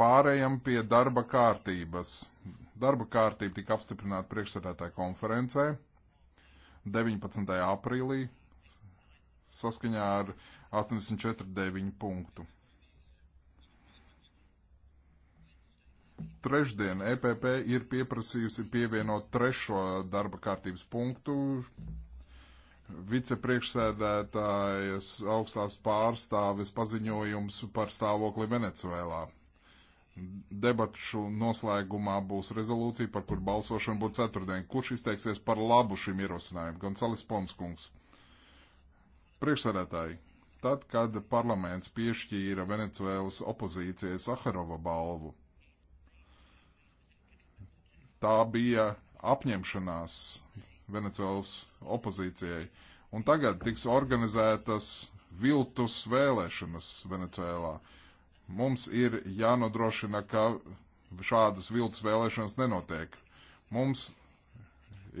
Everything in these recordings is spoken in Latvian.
Pārējām pie darba kārtības. Darba kārtība tika apstiprināta priekšsēdētāja konferencē 19. aprīlī saskaņā ar 84.9 punktu. Trešdien EPP ir pieprasījusi pievienot trešo darba kārtības punktu vicepriekšsēdētājas augstās pārstāves paziņojums par stāvokli Venecuēlā. Debatšu noslēgumā būs rezolūcija, par kur balsošana būtu ceturtdien. Kurš izteiksies par labu šim ierosinājumam? Gonsalis Ponskungs. Priekšsēdētāji, tad, kad parlaments piešķīra Venecuēlas opozīcijai Saharova balvu, tā bija apņemšanās Venecijas opozīcijai. Un tagad tiks organizētas viltus vēlēšanas Venecijā. Mums ir jānodrošina, ka šādas viltus vēlēšanas nenotiek. Mums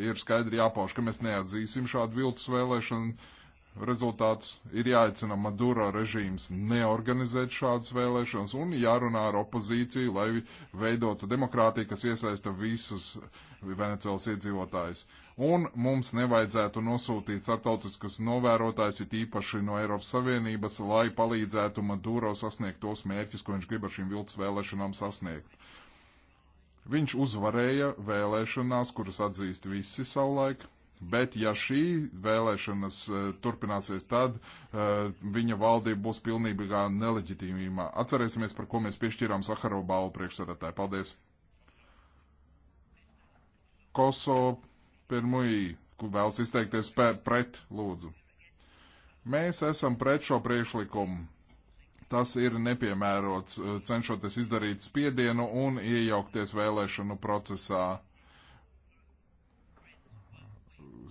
ir skaidri jāpauž, ka mēs neatzīsim šādu viltus vēlēšanu rezultātus. Ir jāicina Maduro režīms neorganizēt šādas vēlēšanas un jārunā ar opozīciju, lai veidotu demokrātiju, kas iesaista visus Venecijas iedzīvotājus un mums nevajadzētu nosūtīt starptautiskus novērotājus, it īpaši no Eiropas Savienības, lai palīdzētu Maduro sasniegt tos mērķus, ko viņš grib ar šīm viltus vēlēšanām sasniegt. Viņš uzvarēja vēlēšanās, kuras atzīst visi savulaik, Bet, ja šī vēlēšanas uh, turpināsies, tad uh, viņa valdība būs pilnībā neleģitīmā. Atcerēsimies, par ko mēs piešķirām Saharovu balvu priekšsēdētāju. Paldies! Kosovo Pirmo I, kur vēlas izteikties pret, lūdzu. Mēs esam pret šo priekšlikumu. Tas ir nepiemērots, eh, cenšoties izdarīt spiedienu un iejaukties vēlēšanu procesā.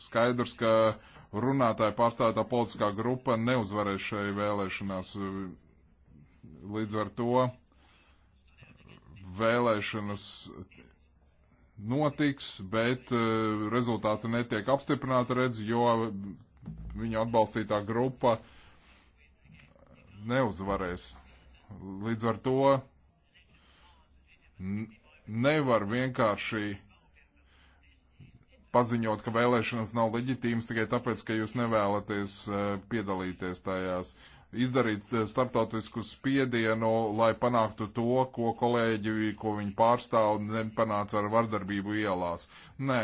Skaidrs, ka runātāja pārstāvētā politiskā grupa neuzvarēs šai vēlēšanās. Līdz ar to vēlēšanas notiks, bet eh, rezultāti netiek apstiprināti, redz, jo viņa atbalstītā grupa neuzvarēs. Līdz ar to nevar vienkārši paziņot, ka vēlēšanas nav leģitīmas tikai tāpēc, ka jūs nevēlaties eh, piedalīties tajās. Uh, izdarīt eh, starptautisku spiedienu, lai panāktu to, ko kolēģi, ko viņi pārstāv, nepanāca ar vardarbību ielās. Nē,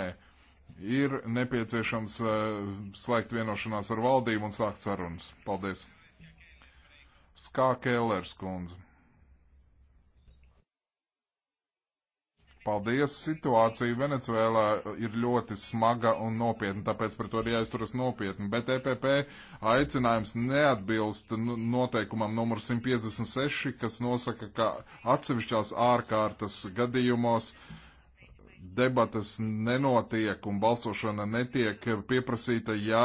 ir nepieciešams eh, slēgt vienošanās ar valdību un sākt sarunas. Paldies! Skā Kēlers kundze. Paldies! Situācija Venecuēlā ir ļoti smaga un nopietna, tāpēc par to ir jāizturas nopietni. Bet EPP aicinājums neatbilst nu, noteikumam numur 156, kas nosaka, ka atsevišķās ārkārtas gadījumos debatas nenotiek un balsošana netiek pieprasīta, ja,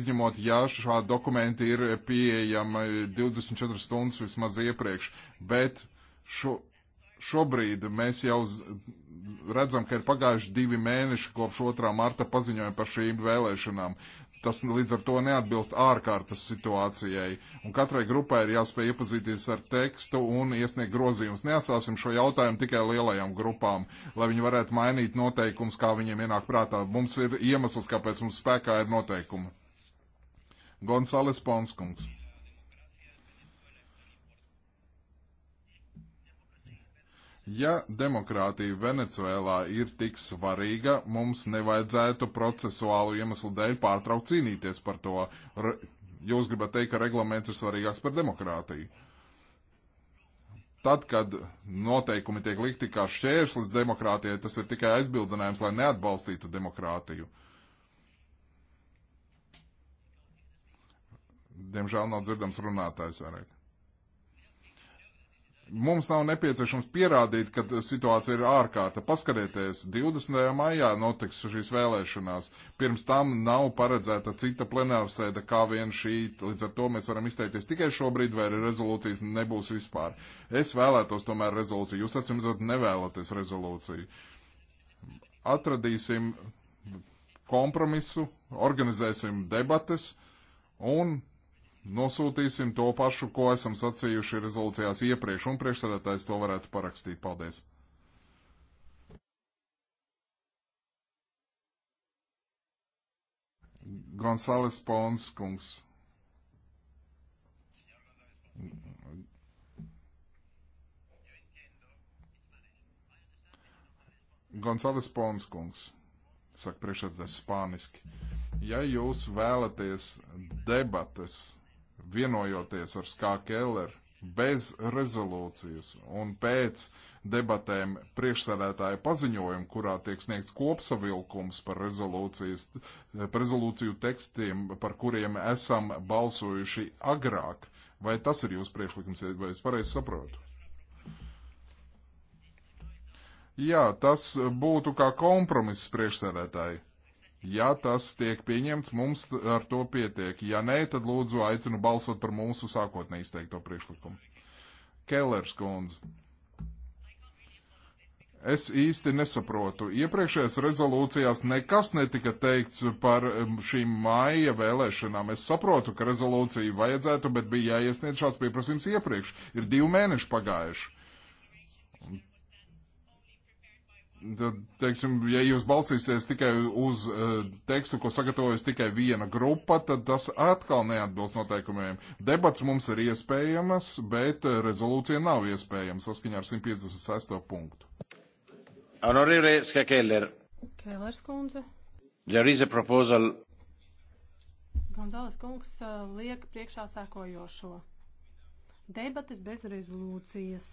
izņemot, ja šādi dokumenti ir pieejami 24 stundas vismaz iepriekš. Bet šo, šobrīd mēs jau redzam, ka ir pagājuši divi mēneši kopš 2. marta paziņojuma par šīm vēlēšanām. Tas līdz ar to neatbilst ārkārtas situācijai. Un katrai grupai ir jāspēj iepazīties ar tekstu un iesniegt grozījumus. Neatsāsim šo jautājumu tikai lielajām grupām, lai viņi varētu mainīt noteikumus, kā viņiem ienāk prātā. Mums ir iemesls, kāpēc mums spēkā ir noteikumi. Gonzales Ponskungs. Ja demokrātija Venecuēlā ir tik svarīga, mums nevajadzētu procesuālu iemeslu dēļ pārtraukt cīnīties par to. Re, jūs gribat teikt, ka reglaments ir svarīgāks par demokrātiju. Tad, kad noteikumi tiek likti kā šķērslis demokrātijai, tas ir tikai aizbildinājums, lai neatbalstītu demokrātiju. Diemžēl nav dzirdams runātājs vairāk. Mums nav nepieciešams pierādīt, ka situācija ir ārkārta. Paskarieties, 20. maijā notiks šīs vēlēšanās. Pirms tam nav paredzēta cita plenārsēde kā vien šī. Līdz ar to mēs varam izteikties tikai šobrīd, vai arī rezolūcijas nebūs vispār. Es vēlētos tomēr rezolūciju. Jūs atsimzot nevēlaties rezolūciju. Atradīsim kompromisu, organizēsim debates un nosūtīsim to pašu, ko esam sacījuši rezolūcijās iepriekš, un priekšsēdētājs to varētu parakstīt. Paldies! Gonzales Pons kungs. Gonzales Pons kungs, saka priekšsēdētājs spāniski. Ja jūs vēlaties debates vienojoties ar Skā Keller bez rezolūcijas un pēc debatēm priekšsēdētāja paziņojumu, kurā tiek sniegts kopsavilkums par, par rezolūciju tekstiem, par kuriem esam balsojuši agrāk. Vai tas ir jūsu priekšlikums, vai es pareizi saprotu? Jā, tas būtu kā kompromiss priekšsēdētāji. Ja tas tiek pieņemts, mums ar to pietiek. Ja nē, tad lūdzu aicinu balsot par mūsu sākotnēji izteikto priekšlikumu. Kellers kundze. Es īsti nesaprotu. Iepriekšējās rezolūcijās nekas netika teikts par um, šīm māja vēlēšanām. Es saprotu, ka rezolūciju vajadzētu, bet bija jāiesniedz šāds pieprasījums iepriekš. Ir divi mēneši pagājuši. Tad, teiksim, ja jūs balstīsieties tikai uz uh, tekstu, ko sagatavojas tikai viena grupa, tad tas atkal neatbilst noteikumiem. Debats mums ir iespējamas, bet e, rezolūcija nav iespējama saskaņā ar 156. punktu. Honorīre Skakeller. Kēlers kundze. There is a proposal. Gonzales kungs uh, liek priekšā sēkojošo. Debates bez rezolūcijas.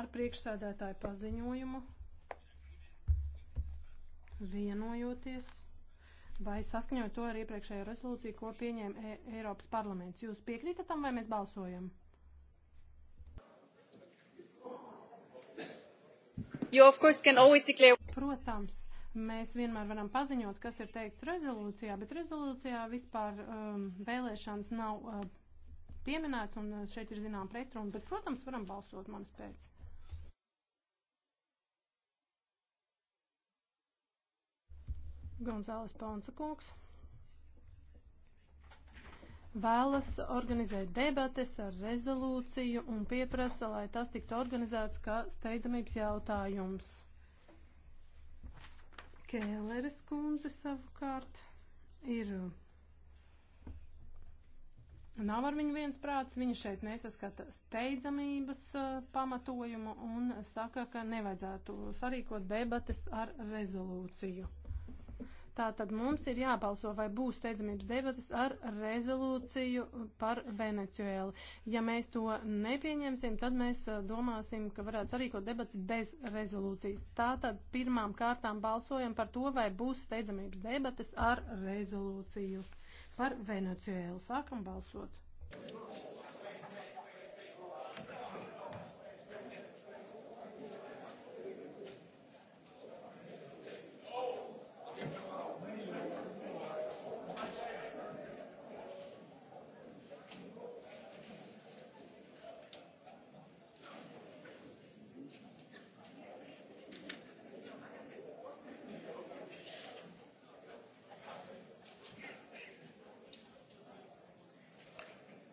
Ar priekšsēdētāju paziņojumu vienojoties vai saskaņot to ar iepriekšējo rezolūciju, ko pieņēma e Eiropas parlaments. Jūs piekrītat tam vai mēs balsojam? Declare... Protams, mēs vienmēr varam paziņot, kas ir teikts rezolūcijā, bet rezolūcijā vispār um, vēlēšanas nav uh, pieminēts un uh, šeit ir zinām pretruna, bet, protams, varam balsot manas pēc. Gonzāles Ponsa kungs vēlas organizēt debates ar rezolūciju un pieprasa, lai tas tiktu organizēts kā steidzamības jautājums. Kēleres kundze savukārt ir. Nav ar viņu viens prāts, viņa šeit nesaskata steidzamības pamatojumu un saka, ka nevajadzētu sarīkot debates ar rezolūciju. Tātad mums ir jābalso, vai būs steidzamības debatas ar rezolūciju par Venecuēlu. Ja mēs to nepieņemsim, tad mēs domāsim, ka varētu sarīkot debatas bez rezolūcijas. Tātad pirmām kārtām balsojam par to, vai būs steidzamības debatas ar rezolūciju par Venecuēlu. Sākam balsot! Thank you.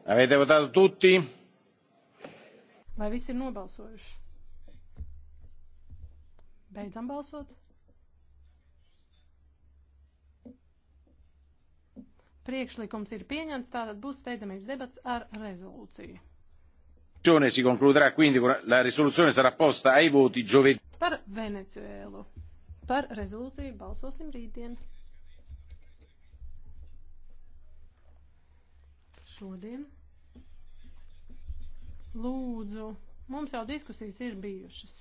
Avete votato tutti? Vai visi ir nobalsojuši? Beidzam balsot. Priekšlikums ir pieņemts, tātad būs steidzamības debats ar rezolūciju. Si concluderà quindi con la risoluzione sarà posta ai voti giovedì. Par Venezuelu. Par rezolūciju balsosim rītdien. šodien. Lūdzu, mums jau diskusijas ir bijušas.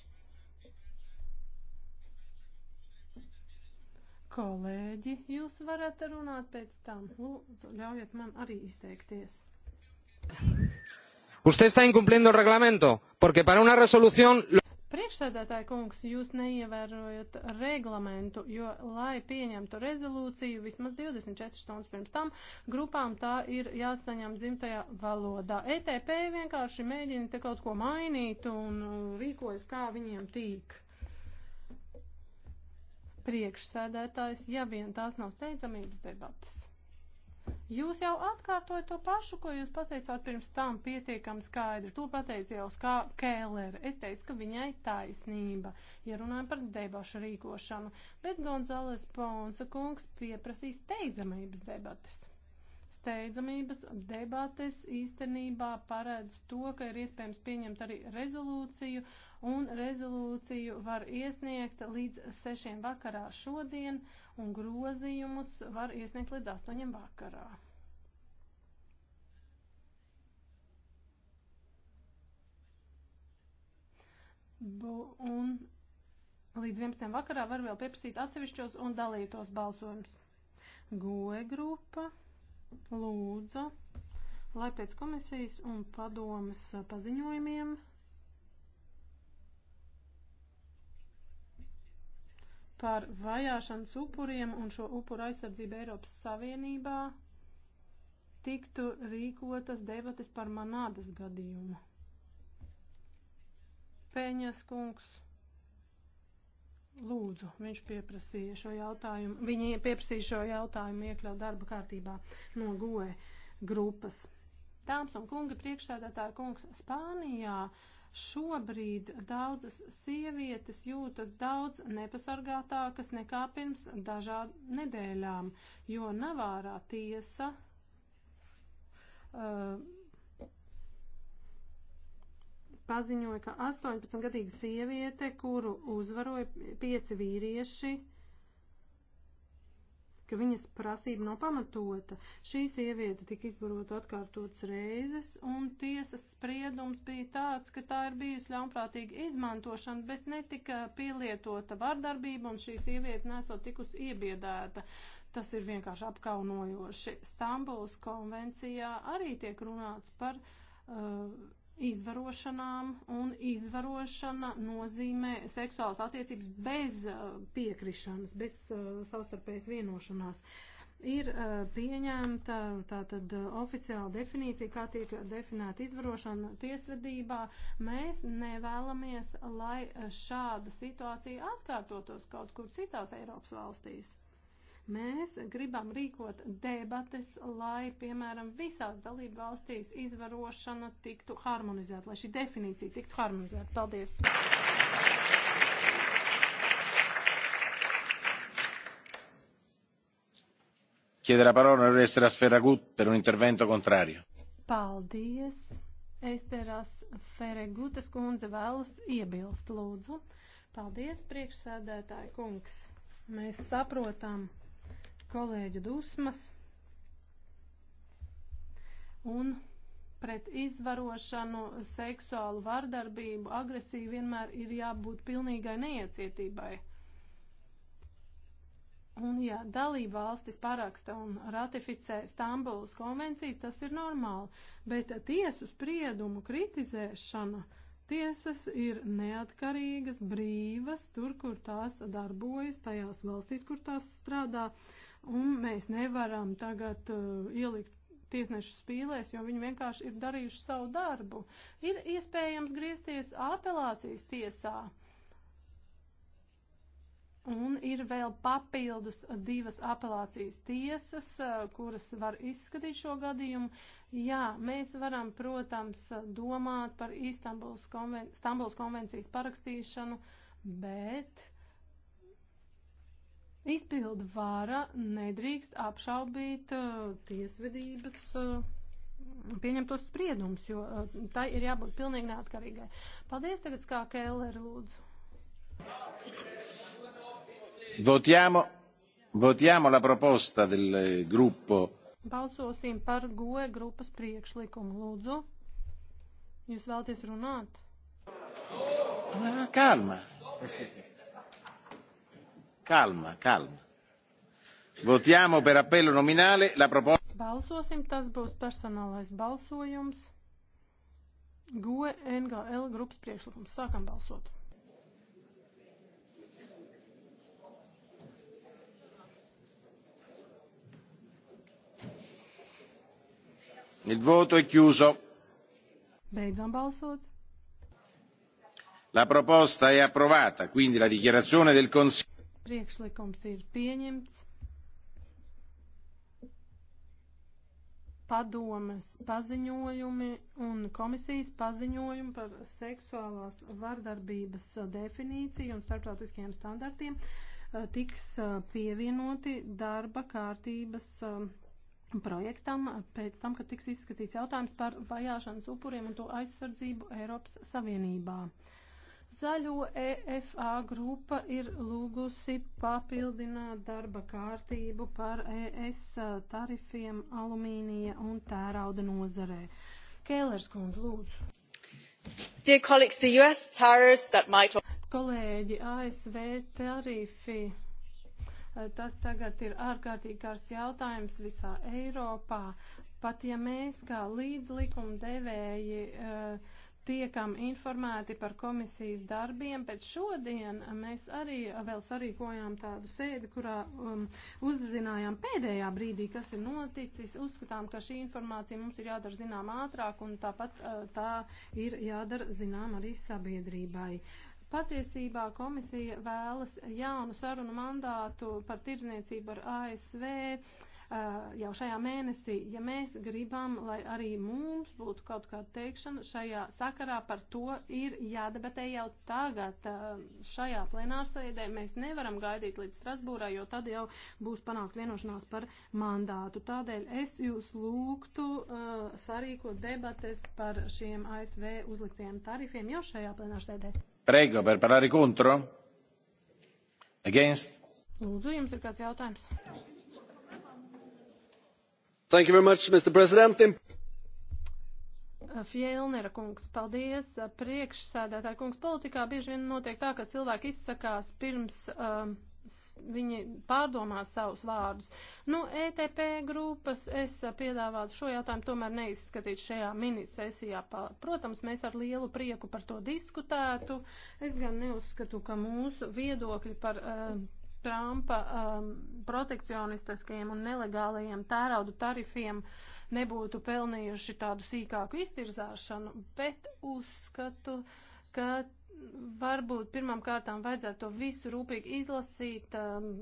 Kolēģi, jūs varat runāt pēc tam. Lūdzu, ļaujiet man arī izteikties. Usted está incumpliendo el reglamento, porque para una resolución. Priekšsēdētāji kungs, jūs neievērojat reglamentu, jo, lai pieņemtu rezolūciju, vismaz 24 stundas pirms tam grupām tā ir jāsaņem dzimtajā valodā. ETP vienkārši mēģina te kaut ko mainīt un uh, rīkojas, kā viņiem tīk. Priekšsēdētājs, ja vien tās nav steidzamības debatas. Jūs jau atkārtojat to pašu, ko jūs pateicāt pirms tam pietiekami skaidri. To pateica jau Skā Kēlere. Es teicu, ka viņai taisnība, ja runājam par debašu rīkošanu, bet Gonzales Ponsa kungs pieprasīs steidzamības debatas. Steidzamības debates īstenībā paredz to, ka ir iespējams pieņemt arī rezolūciju, un rezolūciju var iesniegt līdz sešiem vakarā šodien. Uh, un grozījumus var iesniegt līdz 8 vakarā. Bu, un līdz 11. vakarā var vēl pieprasīt atsevišķos un dalītos balsojumus. Goe grupa lūdza, lai pēc komisijas un padomas paziņojumiem par vajāšanas upuriem un šo upuru aizsardzību Eiropas Savienībā tiktu rīkotas debates par manādas gadījumu. Pēņas kungs. Lūdzu, viņš pieprasīja šo jautājumu. Viņi pieprasīja šo jautājumu iekļaut darba kārtībā no goe grupas. Tāms un kunga priekšsēdētāja kungs Spānijā uh, Šobrīd daudzas sievietes jūtas daudz nepasargātākas nekā pirms dažām nedēļām, jo Navārā tiesa uh, paziņoja, ka 18-gadīga sieviete, kuru uzvaroja pieci vīrieši, uh, ka viņas prasība nav pamatota. Šī sieviete tika izbarota atkārtotas reizes, un tiesas spriedums bija tāds, ka tā ir bijusi ļaunprātīga izmantošana, bet netika pielietota vardarbība, un šī sieviete nesot tikusi iebiedēta. Tas ir vienkārši apkaunojoši. Stambuls konvencijā arī tiek runāts par. Uh, izvarošanām, un izvarošana nozīmē seksuālas attiecības bez uh, piekrišanas, bez uh, savstarpējas vienošanās. Ir uh, pieņemta tātad oficiāla definīcija, kā tiek definēta izvarošana tiesvedībā. Mēs nevēlamies, lai šāda situācija atkārtotos kaut kur citās Eiropas valstīs. Mēs gribam rīkot debates, lai, piemēram, visās dalību valstīs izvarošana tiktu harmonizēta, lai šī definīcija tiktu harmonizēta. Paldies! Chiede la parola onorevole Esteras Ferragut per un intervento contrario. Paldies. Esteras Ferragutas kundze vēlas iebilst, lūdzu. Paldies, priekšsēdētāji kungs. Mēs saprotam, kolēģu dusmas un pret izvarošanu, seksuālu vardarbību, agresiju vienmēr ir jābūt pilnīgai neiecietībai. Un ja dalība valstis paraksta un ratificē Stambulas konvenciju, tas ir normāli, bet tiesu spriedumu kritizēšana tiesas ir neatkarīgas, brīvas, tur, kur tās darbojas, tajās valstīs, kur tās strādā. Uh, un mēs nevaram tagad uh, ielikt tiesnešu spīlēs, jo viņi vienkārši ir darījuši savu darbu. Ir iespējams griezties apelācijas tiesā. Un ir vēl papildus divas apelācijas tiesas, uh, kuras var izskatīt šo gadījumu. Jā, mēs varam, protams, domāt par Istanbuls konven Stambuls konvencijas parakstīšanu, bet Izpildu vāra nedrīkst apšaubīt uh, tiesvedības uh, pieņemtos spriedumus, jo uh, tai ir jābūt pilnīgi neatkarīgai. Paldies tagad, kā Kēlēr lūdzu. Votiamo, votiamo la proposta del gruppo. Balsosim par GOE grupas priekšlikumu. Lūdzu, jūs vēlties runāt? Kalma. Ah, okay. Calma, calma. Votiamo per appello nominale la proposta. Balsosim, tas būs personālais balsojums. GUE NGL grupas priekšlikums. Sākam balsot. Il voto è chiuso. Beidzam balsot. La proposta è approvata, quindi la dichiarazione del Consiglio Priekšlikums ir pieņemts. Padomas paziņojumi un komisijas paziņojumi par seksuālās vardarbības definīciju un starptautiskiem standartiem eh, tiks eh, pievienoti darba kārtības eh, projektam pēc tam, kad tiks izskatīts jautājums par vajāšanas upuriem un to aizsardzību Eiropas Savienībā. Zaļo EFA grupa ir lūgusi papildināt darba kārtību par ES tarifiem alumīnija un tērauda nozarē. Kēlers kundze, lūdzu. Dear colleagues, the US tariffs that might... Kolēģi, ASV tarifi. Eh, tas tagad ir ārkārtīgi kārs jautājums visā Eiropā. Pat ja mēs kā līdzlikuma devēji uh, eh, tiekam informēti par komisijas darbiem, bet šodien mēs arī vēl sarīkojām tādu sēdi, kurā um, uzzinājām pēdējā brīdī, kas ir noticis. Uzskatām, ka šī informācija mums ir jādara zinām ātrāk un tāpat uh, tā ir jādara zinām arī sabiedrībai. Uh, Patiesībā komisija vēlas jaunu sarunu mandātu par tirdzniecību ar ASV. Uh, Eh, jau šajā mēnesī, ja mēs gribam, lai arī mums būtu kaut kāda teikšana šajā sakarā, par to ir jādebatē jau tagad. Eh, šajā plenārsēdē mēs nevaram gaidīt līdz Strasbūrā, jo tad jau būs panākt vienošanās par mandātu. Tādēļ es jūs lūgtu uh, sarīkot debates par šiem ASV uzliktiem tarifiem jau šajā plenārsēdē. Prego per parlare contro? Against? Lūdzu, jums ir kāds jautājums? Thank you very much, Mr. President. Fjellnera kungs, paldies. Priekšsēdētāja kungs politikā bieži vien notiek tā, ka cilvēki izsakās pirms um, viņi pārdomā savus vārdus. Nu, ETP grupas es piedāvātu šo jautājumu tomēr neizskatīt šajā minisesijā. Protams, mēs ar lielu prieku par to diskutētu. Es gan neuzskatu, ka mūsu viedokļi par. Uh, Trumpa um, protekcionistiskajiem un nelegālajiem tēraudu tarifiem nebūtu pelnījuši tādu sīkāku iztirzāšanu, bet uzskatu, ka varbūt pirmām kārtām vajadzētu to visu rūpīgi izlasīt. Um,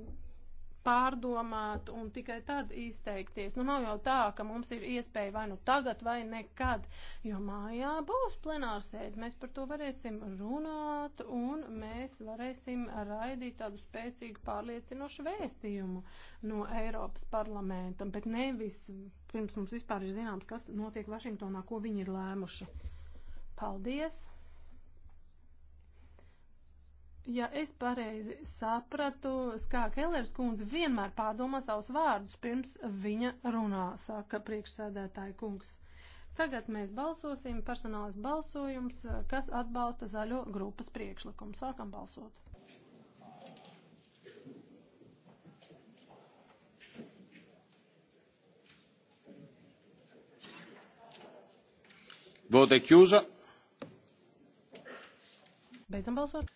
pārdomāt un tikai tad izteikties. Nu, nav jau tā, ka mums ir iespēja vai nu tagad, vai nekad, jo mājā būs plenārsēde. Mēs par to varēsim runāt un mēs varēsim raidīt tādu spēcīgu pārliecinošu vēstījumu no Eiropas parlamenta, bet nevis pirms mums vispār ir zināms, kas notiek Vašingtonā, ko viņi ir lēmuši. Paldies! Ja es pareizi sapratu, kā Kellers kundze vienmēr pārdomā savus vārdus pirms viņa runā, saka priekšsēdētāja kungs. Tagad mēs balsosim personālas balsojums, kas atbalsta zaļo grupas priekšlikumu. Sākam balsot. Vote chiusa. Beidzam balsot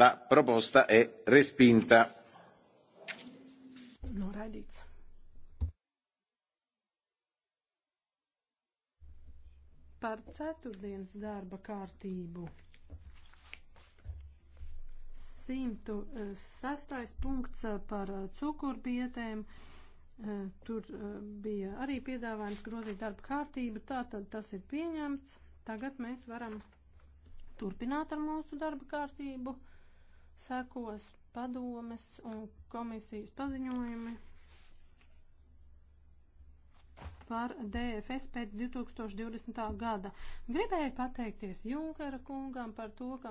la proposta è respinta. Noraidīts. Par ceturtdienas darba kārtību. 106. Eh, punkts eh, par eh, cukurbietēm. Tur bija arī piedāvājums grozīt darba kārtību, tātad tas ir pieņemts. Tagad mēs varam turpināt ar mūsu darba kārtību sekos padomes un komisijas paziņojumi par DFS pēc 2020. gada. Gribēju pateikties Junkara kungam par to, ka